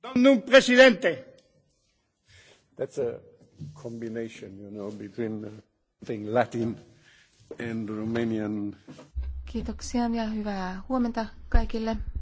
Domnul președinte. That's a combination, you know, between thing Latin and Romanian. Kiitoksia ja hyvää huomenta kaikille.